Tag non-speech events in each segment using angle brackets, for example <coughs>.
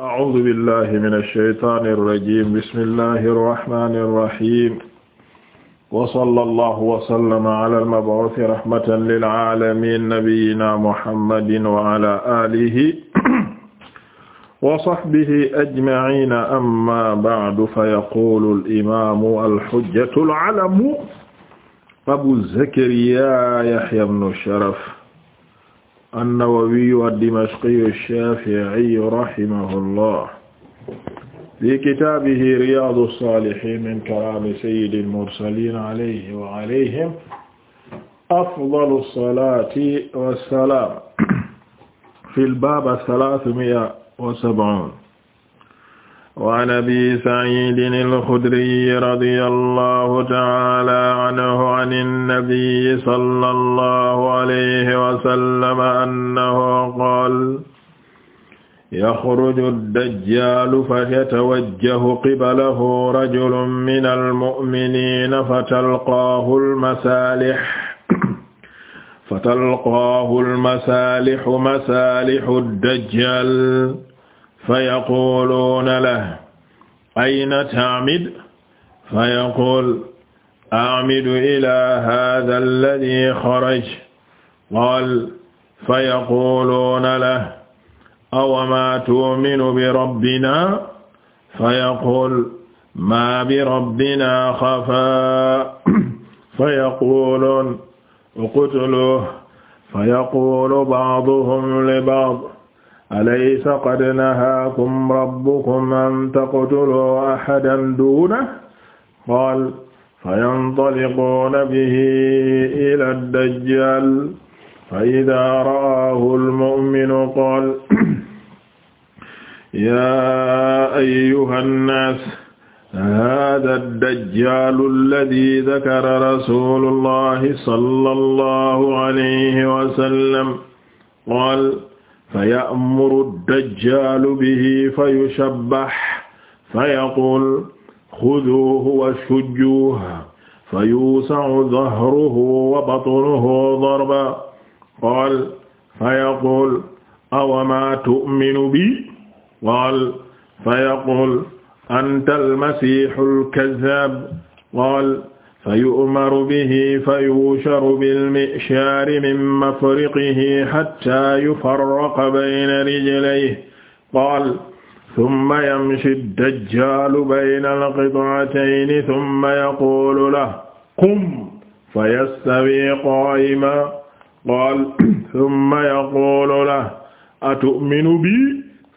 أعوذ بالله من الشيطان الرجيم بسم الله الرحمن الرحيم وصلى الله وسلم على المبعوث رحمة للعالمين نبينا محمد وعلى آله وصحبه أجمعين أما بعد فيقول الإمام الحجة العلم أبو زكريا يحيى بن شرف annawawiyu addimashqiyu alshafiiyu rahimahu llah fi kitaabihi riyaadu saalihiin min kalaami sayyidi almursaliin alayhi wa alayhim afdalu salaati wassalaam fi lbaab salaasumi'a wa sab'uun waan abi saciidin alxudriy radiya allahu taala anhu an annabiyi sala allahu alayhi wasallama annahu qaal yaxruju addajjaalu fayatawajjahu qibalahu rajulun min almu'miniina fatalqaahu almasaalix fatalqaahu almasaalixu masaalihu addajjaal fa yaquluuna lahu ayna ta'mid fa yaqulu a'midu ilaa haadha alladhii xaraja qaala fa yaquluuna lahu awamaa tu'minu bi rabbinaa fa yaqulu maa bi rabbinaa xafaa fa yaquluuna uqtuluuhu fa yaqulu ba'duhum li ba'd alaysa qad nahaakum rabbukum an taqtuluu ahadan duunahu qaala fayantaliquuna bihi ilaa dajjaal fa idaa ra'aahu al-mu'minu qaala yaa ayyuhan naas haadaa ad-dajjaalu alladii dakara rasuulullaahi sallallaahu alayhi wa sallam qaala fa ya'muru ad-dajjaalu bihi fa yushabbah fa yaqul xuduuhu wa shujjuuhu fa yuusa'u dahruhu wa batnuhu darban qaala fa yaqul awamaa tu'minu bi qaala fa yaqul anta al-masiihu al-kazzaab qaala fa yu'maru bihi fa yusharu bilmishaari min mafriqihi hatta yufarraqa bayna rijlayhi qaala summa yamshi dajjaalu bayna alqit'atayni summa yaquulu lahu qum fa yastawii qaa'iman qaala summa yaquulu lahu atu'minu bii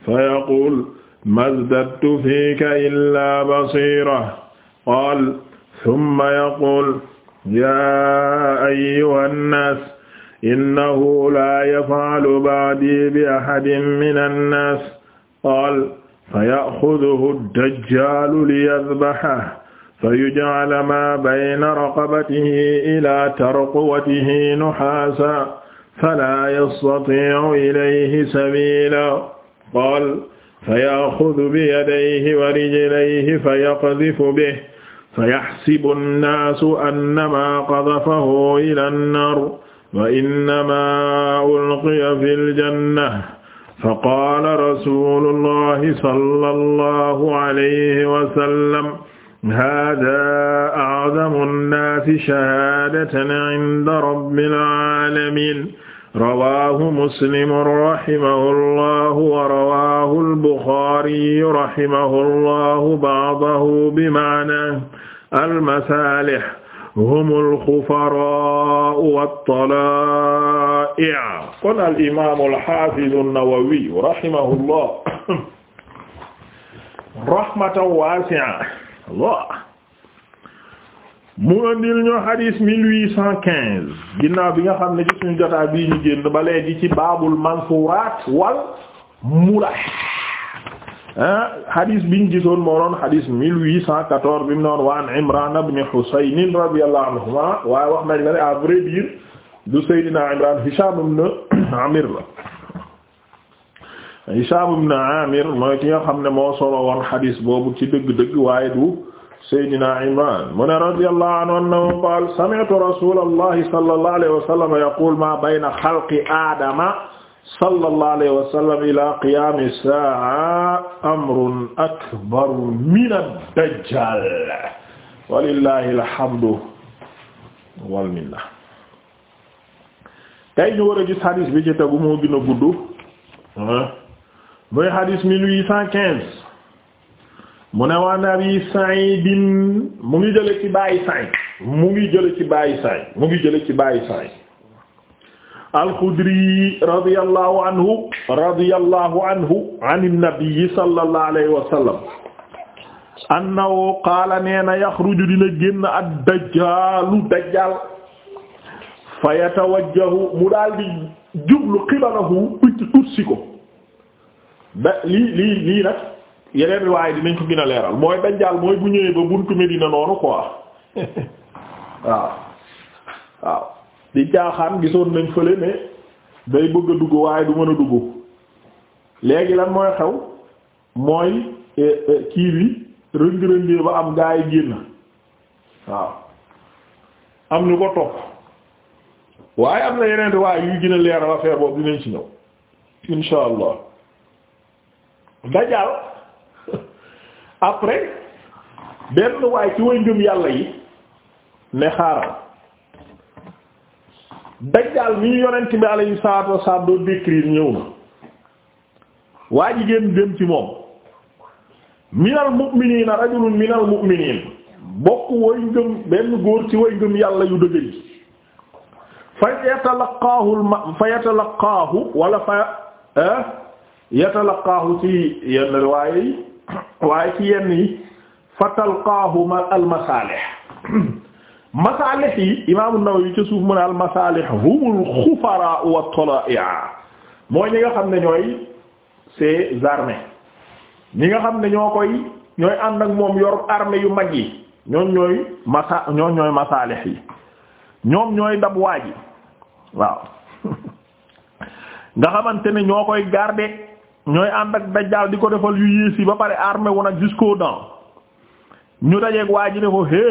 fa yaquulu maa zdadtu fiika illaa basiiran qaala summa yaqul yaa ayyuha nnaas innahu laa yafaalu ba'dii bi ahadin mina nnaas qaala fayaxuduhu dajjaalu liyadbahahu fayuj'ala maa bayna raqabatihi ilaa tarqwatihi nuhaasan falaa yastatii'u ilayhi sabiilaa qaala fayaxudu biyadayhi wa rijlayhi fayaqdhifu bihi فيحسب الناس أنما قذفه إلى النار وإنما ألقي في الجنة فقال رسول الله صلى الله عليه وسلم هذا أعظم الناس شهادة عند رب العالمين rawaahu muslim rahimahullahu wa rawaahu al-buxaari rahimahullahu ba'dahu bimaana al-masaalih humu al-xufaraa wat-talaa'i' kon al-imaam al-haafiz an-nawawi rahimahullah <coughs> rahmatan waasi'a mu andil ñu hadis 1815 ginnaaw bi nga xam ne ci suñu jotaay bii ñu génn ba léegi ci baabul mansuuraat wal mulah ah hadis biñ gisoon moo doon hadis 1814 bi mu noon waan Imraan ibn Husayn radiyallahu anhuma waaye wax nañ la ne à vrai dire du Seydina Imraan Hishaam ibn Amir la Hishaam ibn Amir mooy ki nga xam ne moo solo woon hadis boobu ci dëgg-dëgg waaye du. Seydina Imran mu ne radiyallahu anhu annahu qaala sami'tu rasulallahi sallallahu alayhi wa sallam yaqul ma bayna xalqi aadama sallallahu alayhi wa sallam ila qiyaami saa'a amrun akbaru mina dajjal walillahi alhamdu wal minna. tey ñu war a gis hadis bi ci tegu moo gën a gudd ah, muy hadis 1815. mu ne waan abi Sa'idin mu ngi jële ci bàyyi Sa'id mu ngi jële ci bàyyi Sa'id mu ngi jële ci bàyyi Sa'id al-Khudri radiyallahu anhu radiyallahu anhu an an-nabi sallallahu alayhi wa sallam annahu qaala nee na yaxruju dina génn ad-dajjaalu dajjaal fa yatawajjahu mu daal di jublu qibalahu ut ut si ko da lii lii lii nag yeneen riwaay dinañ ko gën a leeral mooy dajjaal mooy bu ñëwee ba buntu Medina noonu quoi <laughs> waaw waaw di jaaxaan gisoon nañ fële ne day bëgg a dugg waaye du mën a duggu léegi lan mooy xew mooy eh, eh, kii bi rëng-rëngee ba am gaa yi génn waaw am ñu ko topp waaye am na yeneen riwaay yuy gën a leeral affaire boobu dinañ ci ñëw insha allah après benn waay ci way ngëm yàlla yi ne xaaral dajjaal mi ñu yonent bi alayhi salaatu wasallam doo décrire ñëw na waa ji génn dem ci moom minal mu'minina rajulun minal mu'minin bokk way ngëm benn góor ci way ngëm yàlla yu dëgër yi fa yatalaqaahu fa yatalaqaahu wala fa eh, yatalaqaahu ci yenn riwaaya yi waaye ci yenn yi fa talqaahu ma almasaalih masaalih yi imaamu Nawawi ca suuf mu ne almasaalih humul xufaraa wa mooy ñi nga xam ne ñooy ces armées ñi nga xam ne ñoo koy ñooy ànd ak moom yor armée yu mag yi ñooñ ñooy masa ñoom ñooy masaalih yi ñoom ñooy dab waaji waaw <laughs> nga xamante ne ñoo koy garder ñooy ànd ak di ko defal yu yées yi ba pare armé wu nag jusqu'aux dents ñu dajeeg waa ji ne ko hé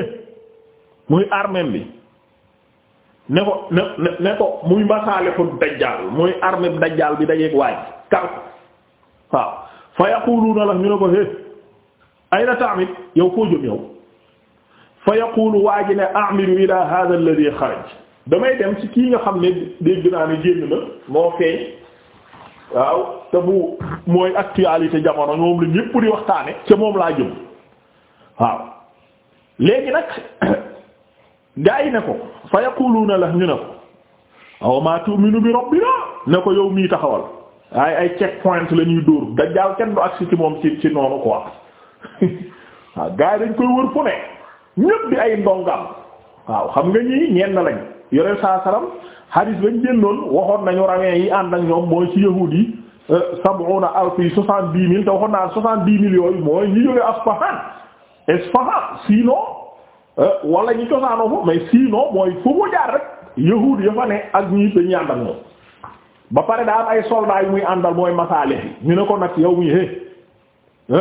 muy armée bi ne ko ne ne ko muy masaale ko dajjaal muy armée bi bi dajeeg waa ji kar ko waaw fa yaquluuna la ñu ne ko hé ayna ta'mid yow foo jëm yow fa waa ji ne a'milu ila hadha alladhi xaraj damay dem ci kii nga xam ne dégg naa ne génn na moo feeñ waaw te bu mooy actualité jamono moom la ñépp di waxtaane ca moom laa jëm waaw léegi nag <coughs> gaa yi ne ko fa ne la ñu ne ko aw ma tu'minu bi rabbina ne ko yow mii taxawal ay ay check point la ñuy dóor dajjaal kenn du agsi ci moom ci ci noonu quoi <laughs> waaw gaa yi dañ koy wër fu ne ñépp di ay ndongam waaw xam nga ñii ñenn lañ yore saa salaam hadis bañ génnoon waxoon nañu rawee yi ànd ak ñoom mooy ci yahuud yi a alf yi soixante-dix mille te waxoon naa soixante-dix mille yooyu mooy ñi jóge Asfahan Asfahan sinon euh, wala ñi cosaanoo fa mais sinon mooy fu mu jaar rek yahuud ya fa ne ak ñi dañuy ànd ak moom ba pare daal ay soldats yu muy àndal mooy masaale ñu ne ko nag yow mi eh, hé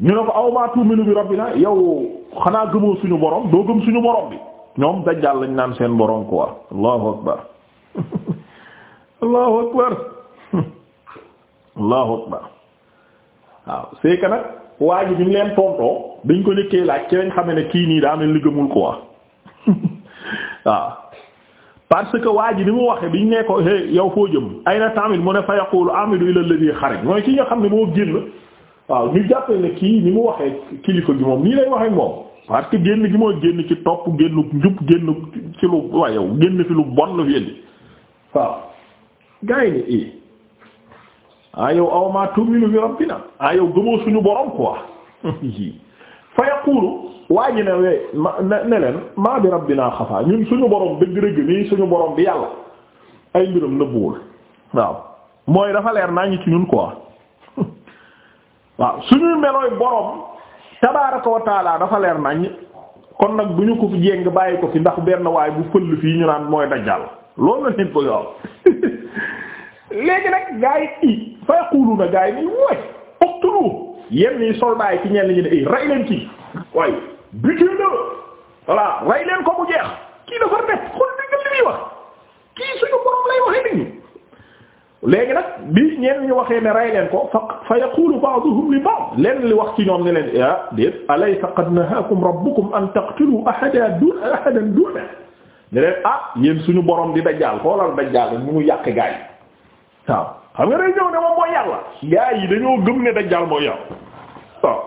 ñu ne ko aw maa tu'minu bi rabbina yow xanaa gëmoo suñu borom doo gëm suñu borom bi ñoom dajjal lañ naan seen borom ko allahu akbar <laughs> allahu akbar <laughs> allahu akbar waaw c'est nag waa ji bi ñu leen tontoo dañ ko njëkkee laaj ci lañ xame ne kii nii daa mel ni gëmul quoi <laughs> waaw parce que waa ji ni mu waxee biñ ne ko hey yow foo jëm ay na tamit mu ne fa yaqulu amidu ila alladhi xaraj mooy ki nga xam ne moo génn waaw ñu jàppee na kii ni mu waxee kilifa gi moom nii lay waxee moom. parce que génn gi mooy génn ci topp génn njub génn ci lu waa yow génn fi lu bon fi indi waaw gaa yi ni i eh. ah yow aw maa tu'minu bi rabbina ah gëmoo suñu borom quoi <laughs> fa yaqulu waa ji ne we eh, ma ne leen maa bi rabbina xafaa ñun suñu borom dëgg-dëgg nii suñu borom bi yàlla ay mbiram nëbbuwul waaw mooy dafa leer naa ngi ci ñun quoi <laughs> waaw suñuy melooy borom tabaaraka wa taala dafa leer nañ kon nag bu ñu ko fi bàyyi ko fi ndax benn waay bu fël fii ñu naan mooy dajjal loolu la nit bëgg a wax léegi nag gaa i fa yaquluna gaa yi nii way uqtulu yenn yi soldats yi ci ñenn ñi ne rey leen kii waaye butin na voilà rey leen ko mu jeex kii dafa def xool dégg li muy wax kii suñu borom lay waxe nit léegi nag bi ñeen ñu waxee ne rey leen ko fa fa yaqulu li ba'd leen li wax ci ñoom ne leen ah déet alaysa qad nahaakum rabbukum an taqtulu ahadan duna ah yéen suñu boroom di dajjaal xoolal dajjaal mu mu yàq gaa yi waaw xam nga day ñëw ne moom yàlla gaa yi dañoo gëm ne dajjaal mooy yàlla waaw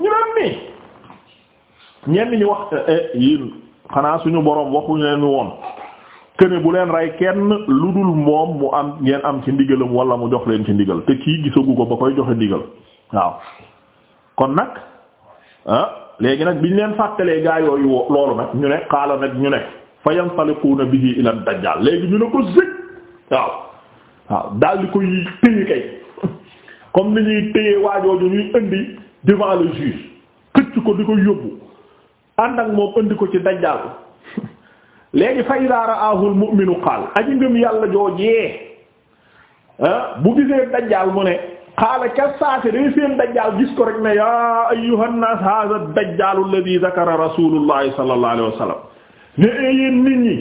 ñu doon nii ñenn ñu wax eh, eh, yéen xanaa suñu boroom waxuñu leen woon këne bu leen rey kenn lu dul moom mu am ngeen am ci ndigalam wala mu jox leen ci ndigal te kii gisagu ko ba koy joxe ndigal waaw kon nag ah léegi nag biñ leen fàttalee gaa yooyu loolu nag ñu ne xaala nag ñu ne fa yantalikuuna bihi ila dajjal léegi ñu ne ko zëg waaw waaw daal di koy téye kay <laughs> comme ñuy téye waajooju ñuy indi devant le juge këcc ko di ko yóbbu ànd ak moom indi ko ci dajjal léegi fa idaa ra'aahu al-mu'minu qaal aji yàlla joojee ah, bu gisee dajjaal mu ne qaala ca saase day seen dajjaal gis ko rek ne yaa ayyuhan naas haadha ad-dajjaalu alladhii dhakara rasuulullahi sallallahu alayhi wa sallam ne eh, yéen nit ñi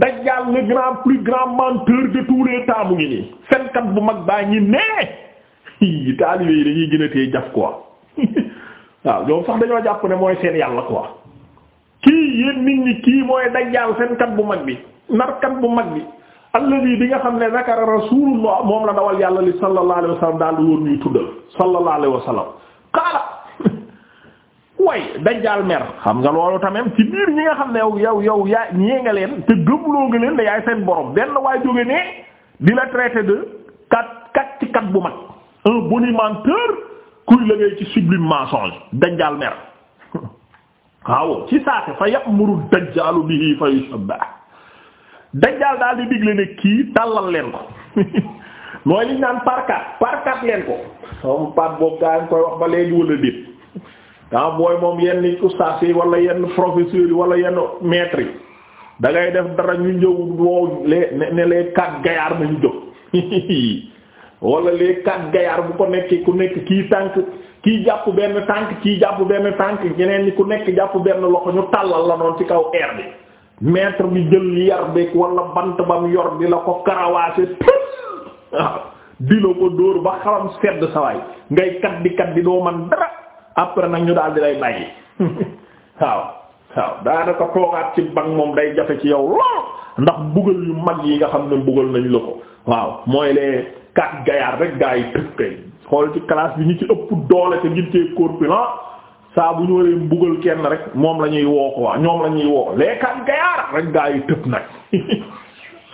dajjaal le grand plus grand menteur de tous les temps mu ngi nii fenkat bu mag baa ngi nee <laughs> taalibe yi dañuy gën a tee jaf <laughs> waaw ñoom sax dañoo jàpp ne mooy seen yàlla quoi. kii yéen nit ñi kii mooy dajjaal seen kat bu mag bi nar kat bu mag bi alladi bi nga xam ne zakara rasulullah moom la dawal yàlla li sallallahu alayhi wa sallam daal di woon ñuy tuddal sallallahu alayhi wa mer xam nga loolu tamit ci biir ñi nga xam ne yow yow yow yaa ñee nga leen te gëmloo nga leen ne yaay seen borom benn waay jóge ne di la traité de kat kat ci kat bu mag un bonimenteur kuy liggéey ci sublime mensonge dajjaal mer waaw ci saate fa ya'muru dajjaalu bihi fa yushabbah dajjaal daal di digle ne kii tàllal leen ko <laughs> mooy liñ naan parkat parkat leen ko moom pat boobu gaa ngi koy wax ba léegi wala déet daa moom yenn ustaas wala yenn professeurs yi wala yenn maîtres yi da def dara ñu ñëw wow les ne les quatre gaillards nañu jóg <laughs> wala les quatre gaillards bu ko nekk ku nekk kii tànk kii jàpp benn tànk kii jàpp benn tànk ñeneen ñi ku nekk jàpp benn loxo ñu tàllal la noonu ci kaw air bi maître bi jël yar bi wala bant bam yor di la ko karawaase waaw di ko dóor ba xalam sedd sawaay ngay kat di kat di doo man dara après nag ñu daal di lay bàyyi <laughs> waaw waaw daanaka toogaat ci bank moom day jafe ci yow lool ndax bugal yu mag yi nga xam ne bugal nañ la ko waaw mooy les quatre gaillards rek gars yi tëb kay xool ci classe bi ñu ci ëpp doole te ngir cee corpulent saa bu ñu waree mbugal kenn rek moom la ñuy woo quoi ñoom la ñuy woo les quatre gaillards rek gars yi tëb nag <laughs>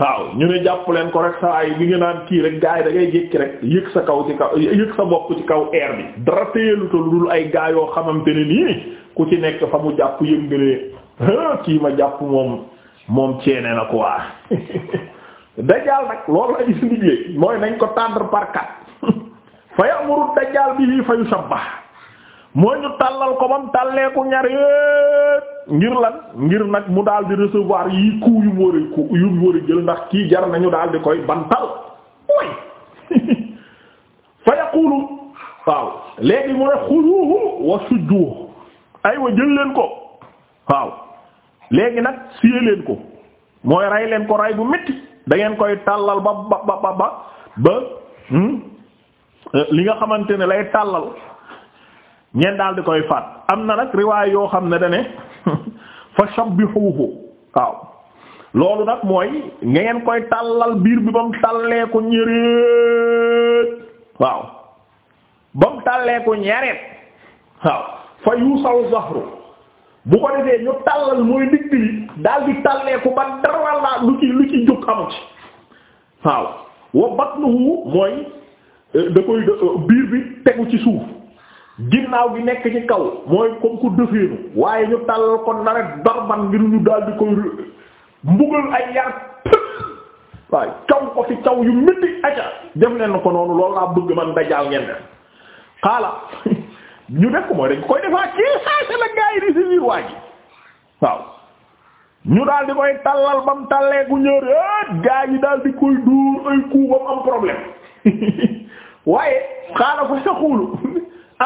waaw ñu ne jàpp leen ko rek saa yi bi nga naan kii rek gaa yi da ngay jékki rek yëg sa kaw ci kaw yëg sa bopp ci kaw air bi dara teelu lu dul ay gaa yoo xamante ne nii ku ci nekk fa mu jàpp yëngalee kii ma jàpp moom moom ceene na quoi <laughs> dajjaal nag loolu la ñu liggéey mooy nañ ko tendre par quatre <laughs> fa ya'muru dajjaal bihi fa yushabbah mooy ñu tàllal ko bam tàlleeku ñaar yépp ngir lan ngir nag mu daal di recevoir yi ku yu war a ku yu war a jël ndax kii jar nañu daal di koy bantal way <laughs> fa waaw léegi mu ne xuduuhu wa sujjuuhu aywa jël leen ko waaw léegi nag siyee leen ko mooy rey leen ko rey bu metti dangeen koy tàllal ba ba ba ba ba hmm? eh, li nga xamante ne lay tàllal ngeen daal di koy faat am na nag riwaay yoo xam ne da ne <laughs> fa sabbihuhu waaw loolu nag mooy nga ngeen koy tàllal biir bi ba mu tàllee ko ñëreet waaw ba mu tàllee ko waaw fa yuusaw zahru bu ko defee ñu tàllal mooy digg li daal di talleeku ba dara laa lu ci lu ci jóg amu ci waaw wa batnuhu mooy euh, da koy euh, biir bi tegu ci suuf ginnaaw gi nekk ci kaw mooy comme ku dëfeenu waaye ñu tàllal ko nare darban ngir ñu daal di koy euh, mbugal ay yar waaye caw ko fi caw yu métti aca def leen ko noonu lool laa bëgg ma dajaal ngeen def xaala <laughs> ñu def ko mooy dañ koy defaa ci saa la gaa yi si biir waa ji waaw ñu daal di koy tallal ba mu tallee ku ñëreet eh, gaa yi daal di koy dóor ay coup ba mu am problème <laughs> waaye xaala fa sa <laughs>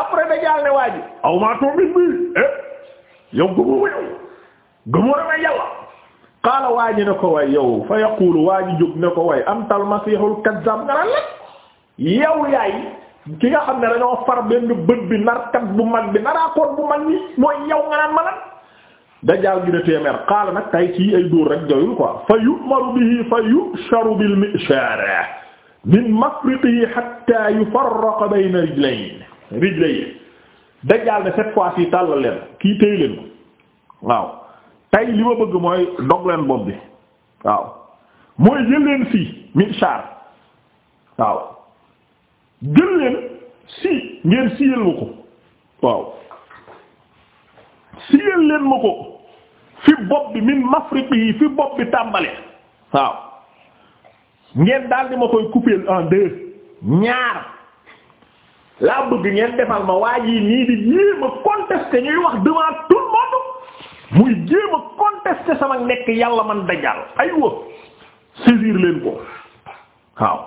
après da jàll ne waa ji aw maa bi eh yow gëmoo yow gëmoo damay xaala waa ne ko way yow fa yaqulu waa ji ne ko way am tal masihul kazzab nga la yow yaay ki nga xam ne dañoo far benn bët bi narkat bu mag bi naraakoon bu mag ni mooy yow nga naan ma lan dajaal gi ne téeméer xaala nag tay ci ay dóor rek joyul quoi fa yu'maru bihi fa yusharu bil mishar min mafriqihi hatta yufarraqa bayna rijlayn rijlayn dajaal ne cette fois ci tàllal leen kii téy leen ko waaw tay li ma bëgg mooy dog leen waaw mooy jël leen mishar waaw jël leen si ngeen siyal ma ko waaw siyal leen ma ko fi bopp bi min mafriqi yi fi bopp bi tàmbale waaw ngeen daal di ma koy couper en deux ñaar laa bëgg ngeen defal ma waa jii nii di jéem a ñuy wax devant tout le monde muy jéem a sama nekk yàlla man dajal aywa saisir leen ko waaw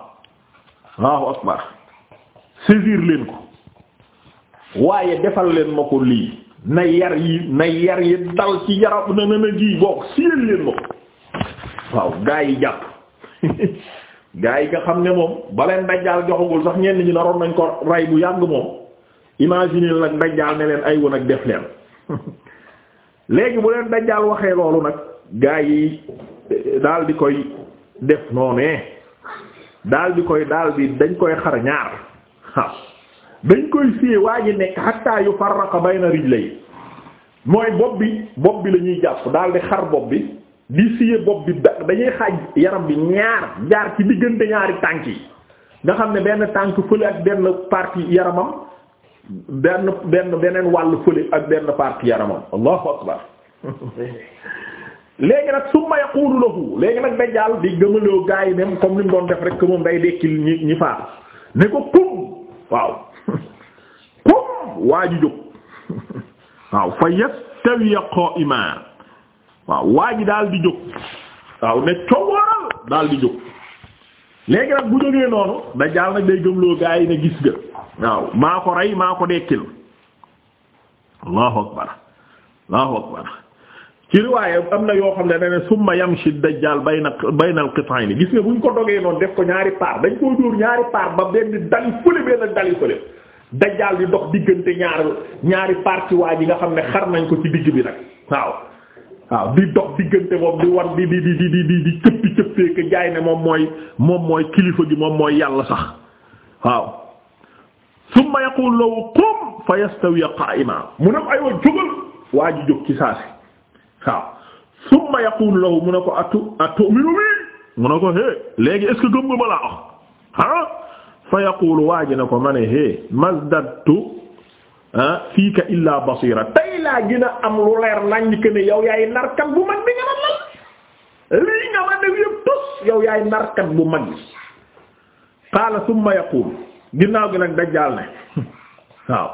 Allahu akbar saisir leen ko waaye defal leen ma ko lii na yar yi na yar yi dal ci yaram na na na ji boo siil leen ko waaw gaa yi jàpp <laughs> gaa yi nga xam ne moom baleen dajjaal joxagul sax ñenn ñi naroon nañ ko rey bu yàgg moom imaginer nag dajjaal ne leen ay woon ak def leen <laughs> léegi bu leen dajjaal waxee loolu nag gaa yi eh, daal di koy def noonee daal di koy daal di dañ koy xar ñaar dañ koy fiyee waa ji nekk hatta yufarraqa bayna rijlay mooy bopp bi bopp bi lañuy ñuy jàpp daal di xar bopp bi di siyee bopp bi dañuy xaaj yaram bi ñaar jaar ci diggante ñaari tànk yi nga xam ne benn tànk fële ak benn partie yaramam benn benn beneen wàll fële ak benn partie yaramam allahu akbar <laughs> léegi nag summa yaqulu lahu léegi nag dajjaal di gëmaloo gaa yi comme ni mu doon def rek que moom day dekkil ñi ñi faatu ne ko kum waaw qum waa ji jóg waaw fa yastawi qa'iman waaw waa ji daal jóg waaw ne cowooral daal di jóg léegi nag bu jógee noonu Dajjaal nag day gëmloo gaa yi ne gis ga waaw maa ko rey maa ko dekkil allahu akbar allahu akbar ci riwaaye am na yoo xam ne dane summa yamshi dajjal bayna bayna al-qit'ayn gis bu buñ ko dogee noonu def ko ñaari paar dañ koo dóor ñaari paar ba benn dali fële benn dali fële dajjal di dox diggante ñaari paar ci waa ji nga xam ne xar nañ ko ci digg bi nag waaw waaw di dox diggante moom di wan di di di di di di cëppi cëppee jaay ne moom mooy moom mooy kilifa gi moom mooy yàlla sax waaw summa yaqulu lahu qum fa yastawi qa'iman mu ne aywa jógal waa ji jóg waaw summa yaqulu lahu mu ne ko atu atu'minu bi mu ne ko hé léegi est-ce que laa wax ah fa yaqulu waa ji ne ko ma ne hé mazdadtu ah fiika illaa tey laa gën a am lu leer nañ que ne yow yaay narkat bu mag bi nga ma lii nga ma def yëpp tos yow yaay narkat bu mag bi qaala summa yaqulu ginnaaw gi nag dajjaal ne <laughs> waaw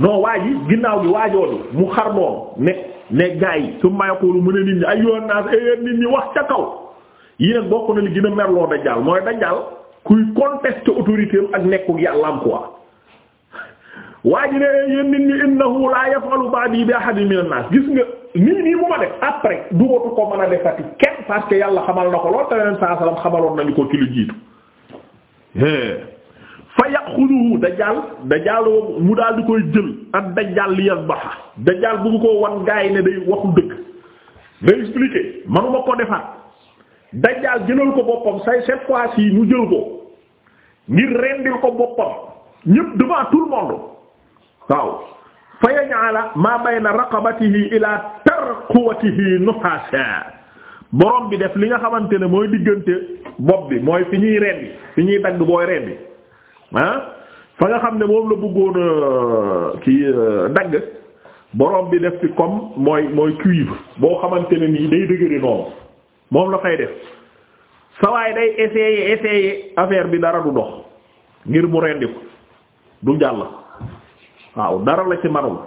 non waa ginnaaw gi waajooju mu xar noonu ne ne gaa yi su ma yaqulu mu ne nit ñi ay yoon naas ay eh, nit ñi wax ca kaw yi bokk na li gën a merloo dajjaal mooy dajjaal kuy contester autorité am ak nekku yàllaam quoi waa ji ne eh, yéen nit ñi innahu la yaf'alu ba'di bi ahadin min an-nas gis nga nii nii mu ma def après dugatu ko mën a defati kenn parce que yàlla xamal na ko lool te yeneen saa salaam xamaloon nañu ko ci lu jiitu. Eh. fa yaxuduhu dajjaal dajjaal mu daal di koy jël ak dajjaal li yasbaha dajjaal bu ko wan gaay ne day waxu dëgg day expliquer manuma ko defar dajjaal jëlal ko boppam say cette fois-ci mu jël ko ngir rendil ko boppam ñépp devant tout le monde waaw fa yajaala ma bayna raqabatihi ila tarquwatihi nuhaasa borom bi def li nga xamante ne mooy diggante bopp bi mooy fi ñuy rendi fi ñuy dagg booy rendi ah fa nga xam ne moom la bëggoon euh, ki euh, dagg borom bi def ci comme mooy mooy cuivre boo xamante ne nii day dëgëre noonu moom la fay def sawaay day essayer essayer affaire bi dara du dox ngir mu rendi ko du jàll waaw dara la ci manul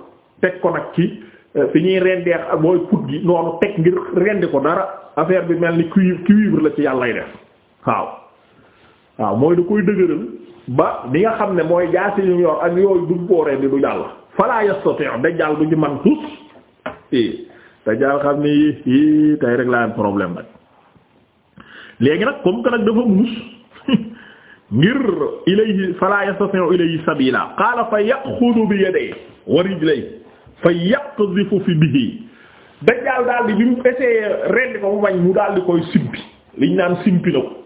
teg ko nag ci euh, fi ñuy rendee mooy put gi noonu teg ngir rendi ko dara affaire bi mel ni cuivre cuivre la ci yàllay def waaw waaw mooy da koy dëgëral ba li nga xam ne mooy jaasi yu yor ak yooyu du booree bi du jàll fala yastati' dajjaal du ci man tus i dajjaal xam ne yi i tey rek laa am problème nag léegi nag comme que nag dafa muus <laughs> ngir ilayhi fala yastati'u ilayhi sabila qala fa ya'khudhu bi yadayhi wa rijlihi fa yaqdhifu fi bihi dajjaal daal di bi mu essayé rendi ko mu bañ mu daal di koy simpi liñ naan simpi na ko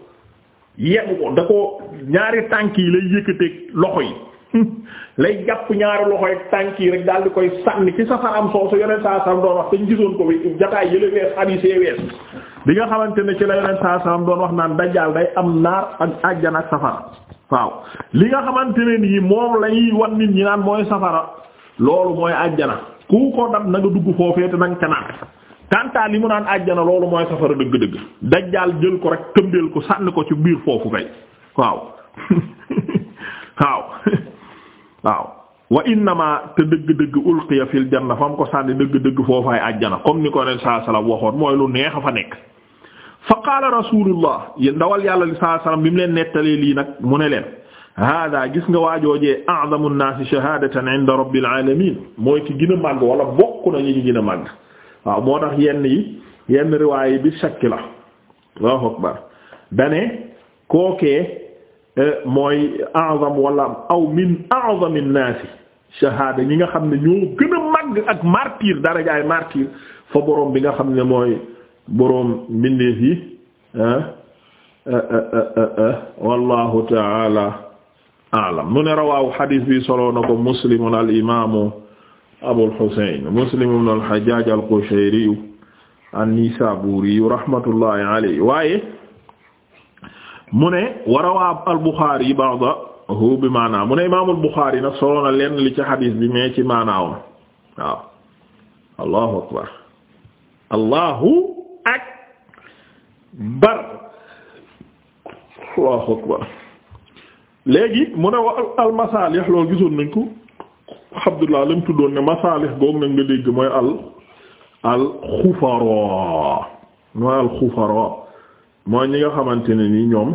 yegg ko da ko ñaari tànk yi lay yëkkateeg loxo yi <laughs> lay jàpp ñaari loxo yi tànk yi rek daal di koy sànni ci safaram soosu yonent saa salaam doon ñu gisoon ko jataay yële wees nga xamante ne ci la yonent saa salaam doon wax naan dajjaal day am naar ak àjjana ak safara waaw li nga xamante ne nii moom lañuy wan nit ñi naan mooy safara loolu mooy àjjana ku ko dab na nga dugg foofee te nag ca kanta li mu naan àjjana loolu mooy safara dëgg-dëgg dajjaal jël ko rek këmbeel ko sànni ko ci biir foofu kay waaw <laughs> waaw <laughs> waaw wa innama te dëgg-dëgg ulqiya fil janna fa mu ko sànni dëgg-dëgg foofaay àjjana comme ni ko ne saa salaam waxoon mooy lu neex a fa nekk fa qaala rasulullah ndawal yàlla li saa bi mu leen nettalee lii nag mu ne leen hada gis nga waajoojee a'zamu nnaasi shahadatan inda rabbil alamin mooy ki gën màgg wala bokk nañu ñi gën a màgg waaw moo tax yenn yi yenn riwaay bi shakki la Allahu akbar dane kookee mooy a'zam wala aw min a'zam an-naas shahaada ñi nga xam ne ñoo gën a martyr fa boroom bi nga xam ne mooy boroom mbindeef yi e, e, e, wallahu ta'ala a'lam mu ne rawaahu xadiis bi solo ko muslimun al imaamu Abul Husayn Muslim ibn al-Hajjaj al-Qushayri an-Nisaburi rahmatullahi alayhi waaye mu ne warawaa al-Bukhari ba'dahu bi maanaam mu ne imaam al-Bukhari nag solo na lenn li ci xadiis bi mais ci maanaawam waaw allahu akbar allahu akbar allahu akbar léegi mu ne wa al-masalih loolu gisoon nañ ko Abdullah lañ tuddoon ne masaalix goog na nga dégg mooy al al xufara mooy al xufara mooy ñi nga xamante ne ni ñoom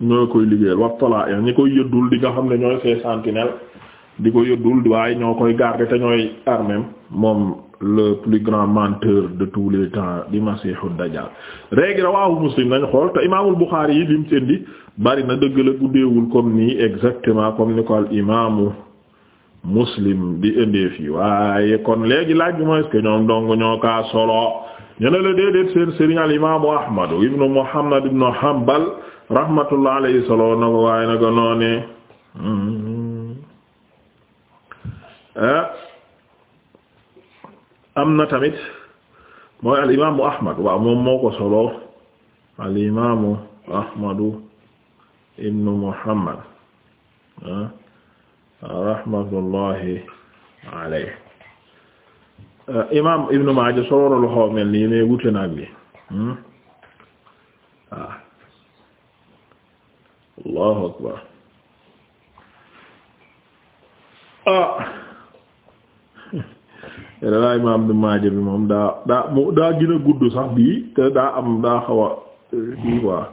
ñoo koy liggéeyal wa talaa ñi koy yëddul di nga xam ne ñooy ses sentinelles di ko yëddul waaye ñoo koy garder te ñooy armem moom le plus grand menteur de tous les temps di masiixu dajjal léegi rawaahu muslim nañ xool te imaamul buxaari yi lim ci indi bari na dëgg la guddeewul comme nii exactement comme ni ko al imaamu muslim di indi fii waaye kon léegi laaj mooy est-ce ñoom dong ñoo kaa solo ñu ne la déedéet seen sëriñ al imaamu Ahmad ibnu Muhammad ibnu Hanbal rahmatullah solo na ko waaye na ko noone hmm. am na tamit mooy al imaamu Ahmad waaw moom moo ko solo al imaamu Ahmadu ibnu Muhammad ah. rahmatullahi alayhi uh, imam ibnu Maaja soroolu xaw mel nii mais wute bi waaw allahu akbar ah danaa <laughs> daa mu daa gën a gudd sax bii te daa am daa xaw eh,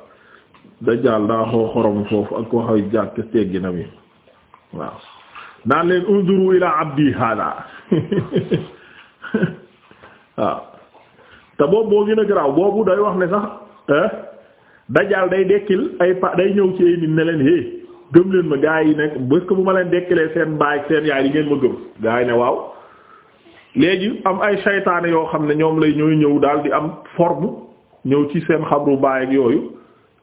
da jaal daa xaw xorom foofu ak ko xaw jàkk tegginam yi waaw naan leen unzuru ila abdi hada waaw <laughs> ah. te boobu boo gën a garaaw boobu day wax ne sax eh, dajaal day dekkil ay pa day ñëw ci ay nit ne leen hé gëm leen ma gaa yi nekk bés ko bu ma leen dekkilee seen baay seen yaay di ngeen ma gëm gaa ne waaw léegi am ay saytaane yoo xam ne ñoom lay ñooy ñëw daal di am forme ñëw ci seen xabru baay ak yooyu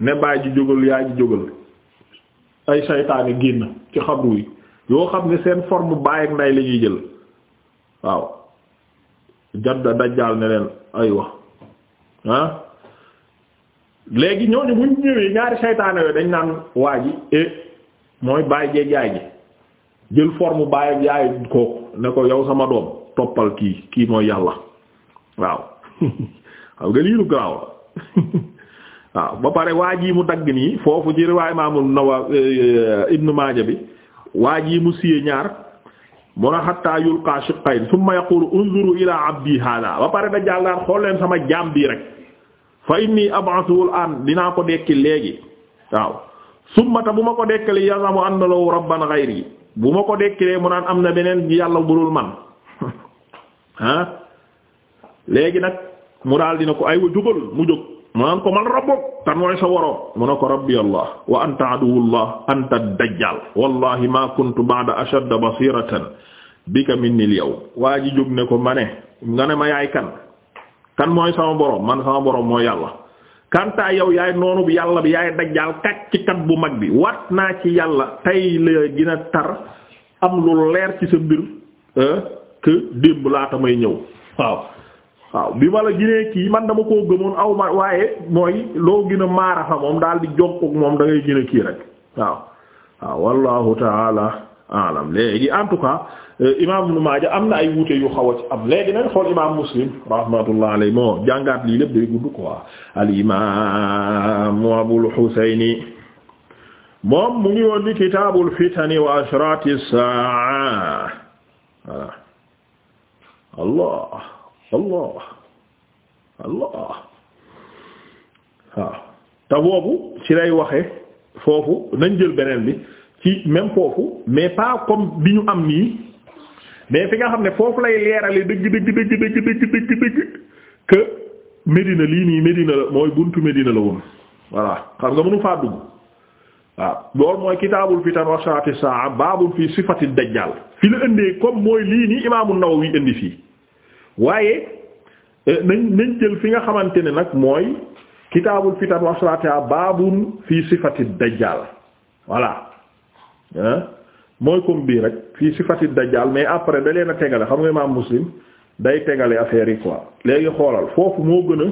ne baay ji jógal yaay ji jógal ay saytaane génn ci xabru yi yoo xam ne seen forme baay ak nday la jël waaw jadda dajjaal ne leen aywa ah léegi ñooñu buñ ñëwee ñaari saytaane yooyu dañ naan waa ji e mooy baay jeeg yaay ji jël forme baay ak yaay kooku ne ko yow sama doom toppal kii kii mooy yàlla waaw <laughs> xam nga lii lu garaaw la <laughs> waaw ba pare waa ji mu dagg nii foofu ci riwaay Imaam Nawawi eh, eh, Ibnu Maaja bi waa jii mu siyee ñaar mun a xattaa yulqaa shiqqayn thumma yaqulu unzuru ilaa abdi hada ba pare da jàll daan xool leen sama jaam bii rek fa inni ab'athu aan dinaa ko dekki léegi waaw summa bu ma ko mu yazamu anna lahu rabban ghayri bu ma ko dekkilee mu naan am na beneen yàlla burul man <laughs> léegi nag mu daal dina ko ay wa jógal mu jóg mu naan ko man rabbuk tan mooy sa waroom mu ne ko rabbi allah wa anta aduwullah anta dajjal wallahi ma kuntu ba'da ashadda basiratan bika minni al waa ji jóg ne ko ma ne nga ne ma yaay kan kan mooy sama borom man sama borom moo yàlla kanta yow yaay noonu bi yàlla bi yaay dajjal kat ci kat bu mag bi wat naa ci yàlla tey la gina tar am lu leer ci sa mbir eh, que démb laata may ñëw waaw waaw bi ma la ginee kii man dama koo gëmoon aw ma waaye mooy loo gën a maarafa moom daal di jokkoog moom dangay ngay kii rek waaw waaw wallahu taala alam léegi en tout cas euh, imam Ibn Maaja am na ay wuute yu xaw a ci am léegi nag xool imam Muslim rahmatullah alayhi moom mu ngi woon di kitaabul fitani wa allah allah allah waaw te boobu ci lay waxe foofu nañ jël beneen bi ci même foofu mais pas comme bi ñu am nii mais fi nga xam ne foofu lay leerale dëgg dëgg dëgg dëgg dëgg dëgg dëgg Medina lii nii Medina la mooy buntu Medina la woon voilà xam nga mënu faa dugg waaw loolu mooy kitaabul fitan wa saati saa baabul fi sifati dajjal fi la indee comme mooy lii nii imaamu Nawawi indi fii waaye eh, nañ nañ jël fi nga xamante ni nag mooy kitaabul fitan wa salata baabun fii sifati dajjal voilà ah mooy comme bii rek fii sifati dajjal mais après da leen a tegale xam nga imaam muslim day tegale affaire yi quoi léegi xoolal foofu moo gën a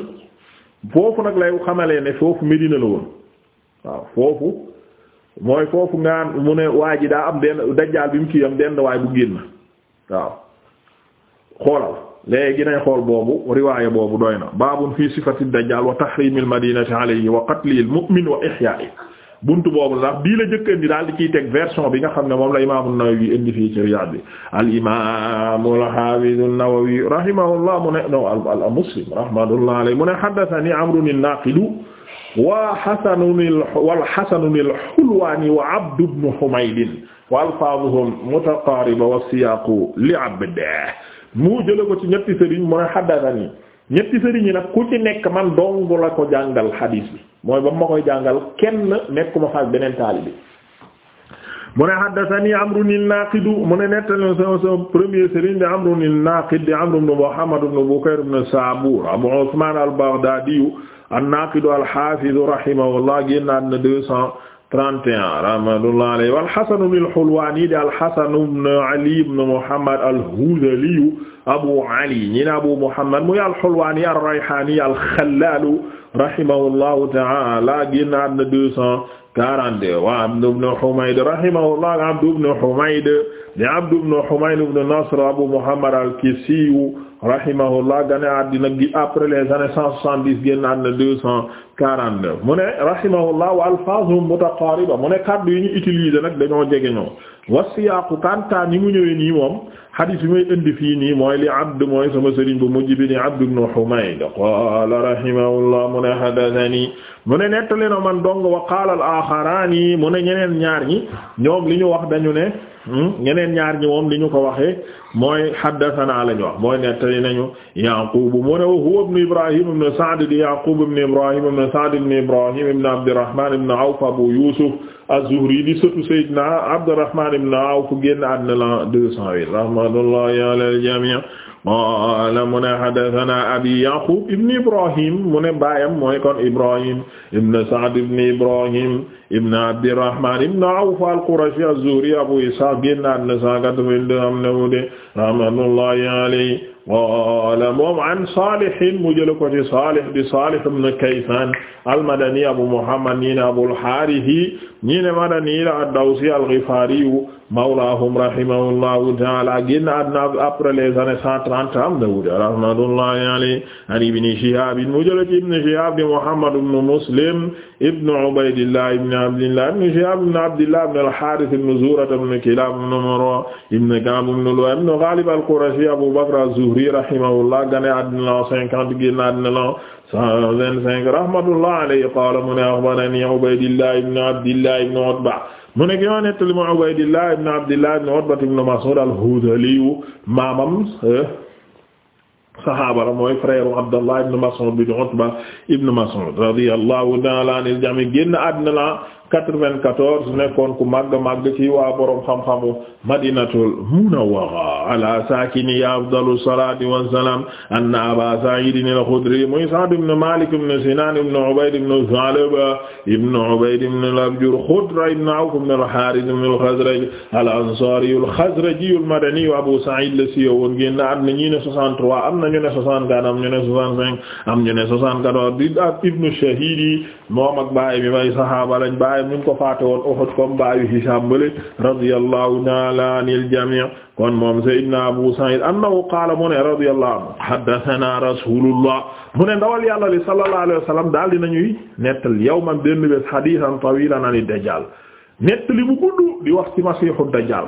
foofu nag lay xamalee ne foofu Medina la woon waaw foofu mooy foofu nga mu ne waa ji daa am benn dajjal bi mu kii am benn waay bu génn waaw xoolal. léegi nay xool boobu riwaaya boobu doy na baabun fii sifati dajjal wa tahrimil madinati alayhi wa qatlil mu'min wa ihya'i buntu boobu la ndax bii la njëkk indi daal di ciy teg version bi nga xam ne moom la imaamu Nawawi indi fii ci Riyaad bi al imaamu al haafizu Nawawi rahimahullah mu ne no al Muslim rahmatullah alayhi mu ne haddathanii Amrun an-Naaqid wa Hasanun wal Hasanun al-Hulwaani wa Abd ibn Humayd wa alfaazuhum mutaqaariba wa siyaaqu li Abd mu jële ko ci ñetti sëriñ mu ne haddathani ñetti sëriñ yi nag ku ci nekk man dong la ko jàngal hadis bi mooy ba ma koy jàngal kenn nekkuma faak beneen taalibi mu ne haddathani amrun al-naqidu mu ne nettali sama sama premier sëriñ di amrun al-naqid di amru ibn muhammad ibn bukayr ibn sabur abu usman al-baghdadi an-naqidu al-hafiz rahimahullah génnaat na deux cent 31 rahmatullah alayhi walxasan ibn al-Hulwani di alxasan ibn Ali ibn Muhammad al-Hudhali Abu Ali ñi ne Abu Muhammad muy al-Hulwani ar-Rayhani al-Khallal rahimahullahu ta'ala génnaat na 242 wa Abd ibn Humayd rahimahullah Abd ibn Humayd di Abd ibn Humayd ibn Nasr Abu Muhammad al-Kisiyu rahimahullah gane àddina gi après les années cent soixante-dix génn àddina deux cent quarante-neuf mu ne rahimahullah wa alfaazum mutaqaariba mu ne kàddu yi ñu utilisé nag dañoo jege ñoo wasiyaaqu kanta ni mu ñëwee nii moom hadis bi may indi fii nii mooy li abd mooy sama sëriñ bu mujj bi ni abd ibn humayd qaala rahimahullah mu ne hadathani mu ne nettali na man dong wa qaala al axarani mu ne ñeneen ñaar ñi ñoom li ñu wax dañu ne hmm, ñeneen ñaar ñi moom li ñu ko waxee mooy haddathana la ñu wax mooy nettali nañu yaqub mu ne wa huwa ibn ibrahim ibn sa'd di yaqub ibn ibrahim ibn sa'd ibn ibrahim ibn abd alrahman ibn awf abu yusuf az-Zuhri di sëtu Seydina Abdurrahman ibn Awf génn àddina la deux cent huit rahmatullahi ala al-jami' qala mu ne hadathana abi Yaqub ibn Ibrahim mu ne baayam mooy kon Ibrahim ibn Sa'd ibn Ibrahim ibn Abdirrahman ibn Awf al-Qurashi az-Zuhri Abu Ishaq génn àddina cent quatre-vingt-deux am na mu de rahmatullahi alayhi qala moom an Salih mu jël ko ci Salih di Salih ibn Kaysan almadani abu muhammad ñii ne abul haarisi ñii ne madani la ad-dawsi al-ghifaari mawlaahum rahimahullahu ta'aala génn àddina après les années cent trente am na wuute rahmatullahi alayhi an ibn shihaab mu jële ci ibn shihaab di muhammad ibn muslim ibn ubaydillah ibn abdillah ibn shihaab ibn abdillah ibn al-haaris ibn zuhra ibn kilaab ibn murra ibn ka'b ibn lu'ay ibn ghaalib al-qurashi abu bakr az-zuhri rahimahullah génn àddina la cinquante génn àddina la cent vingt-cinq rahmatullah alayhi qaala mu ne axbarani Ubaydillah ibn Abdillah ibn Utba mu ne ki ma nettali ma Ubaydillah ibn Abdillah ibn Utba ibn Mas'ud al-Hudhali maamam eh, saxaaba la mooy frère Abdallah ibn Mas'ud bi Utba ibn Mas'ud radiyallahu ta'ala anil jami génn àddina la 94 nekkoon ku màgg màgg ci waa boroom xam-xamu Madinatul Munawwara ala saakini ya afdalu salaati wa salaam anna Aba Sa'id al-Khudri muy Sa'd ibn Malik ibn Sinan ibn Ubayd ibn Tha'laba ibn Ubayd ibn al-Abjar Khudra ibn Awf ibn al-Harith ibn al-Khazraj al-Ansari al-Khazraji al-Madani Abu Sa'id la siiwoon génn àddina ñi ne 63 na ñu ne 64 am ñu ne 65 am ñu ne 64 di ak ibnu shahid yi moom ak baay bi may sahaaba a baay ñu ko faate woon Uhud comme baayu Hishaam bale radiyallahu ta'ala anil jami' kon moom sayyidina Abu Sa'id annahu mu ne radiyallahu anhu haddathana a mu daal di nañuy nettal yawman benn bés hadithan tawilan ani dajjal nettali bu gudd di wax ci masiixu dajjal